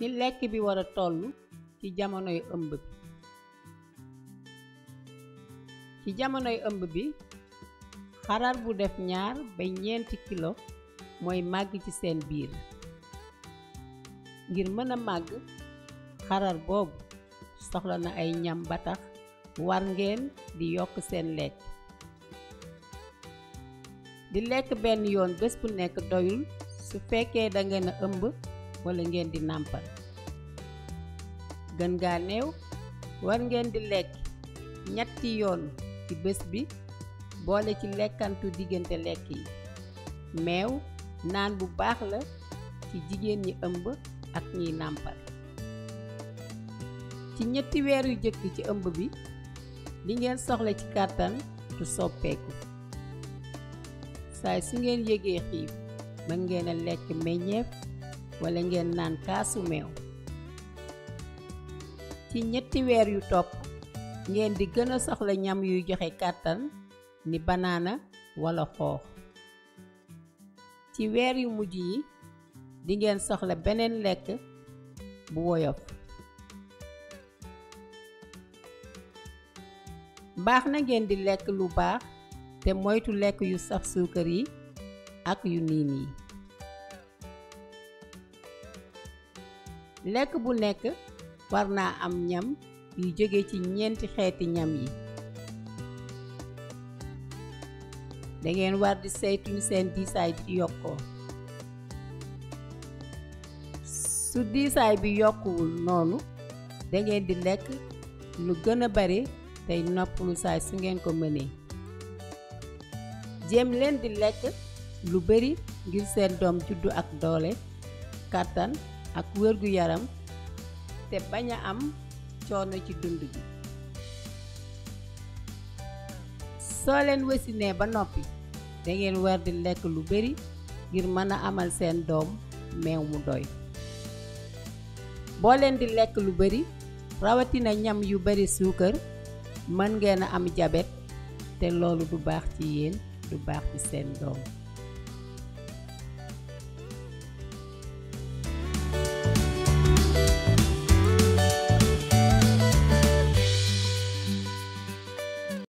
ni lekk bi war a toll ci jamonoy ëmb bi ci jamonoy ëmb bi xarar bu def ñaar ba ñeenti kilo mooy màgg ci seen biir ngir mën a màgg xarar boobu soxla na ay ñam ba tax di yokk seen lekk di lekk benn yoon bés bu nekk doyul su fekkee da ngeen a ëmb wala ngeen di nàmpal gën gaa néew war ngeen di lekk ñetti yoon ci bés bi boole ci lekkantu diggante lekk yi meew naan bu baax la ci jigéen ñi ëmb ak ñiy nàmpal ci ñetti weer yu jëkk ci ëmb bi li ngeen soxla ci kàttan du soppeeku saay su ngeen yëgee xiif mën ngeen a lekk meññeef wala ngeen naan kaasu meew ci ñetti weer yu topp ngeen di gën a soxla ñam yuy joxe kàttan ni banana wala xoox ci weer yu mujj yi di ngeen soxla beneen lekk bu woyof baax na ngeen di lekk lu baax te moytu lekk yu saf suukar yi ak yu niin yi lekk bu nekk war naa am ñam yu jóge ci ñenti xeeti ñam yi dangeen war di saytuñu seen diisaay bi yokkoo su diisaay bi yokkuwul noonu dangeen di lekk lu gën a bari tey noppalu saay su ngeen ko mënee jëm leen di lekk lu bari ngir seen doom juddu ak doole kàttan ak wérgu yaram te bañ a am coono ci dund gi soo leen wasinee ba noppi da ngeen war di lekk lu bari ngir mën a amal seen doom meew mu doy boo leen di lekk lu bari rawatina ñam yu bari suukar mën ngeen a am jabet te loolu du baax ci yéen do bairro de Sendom.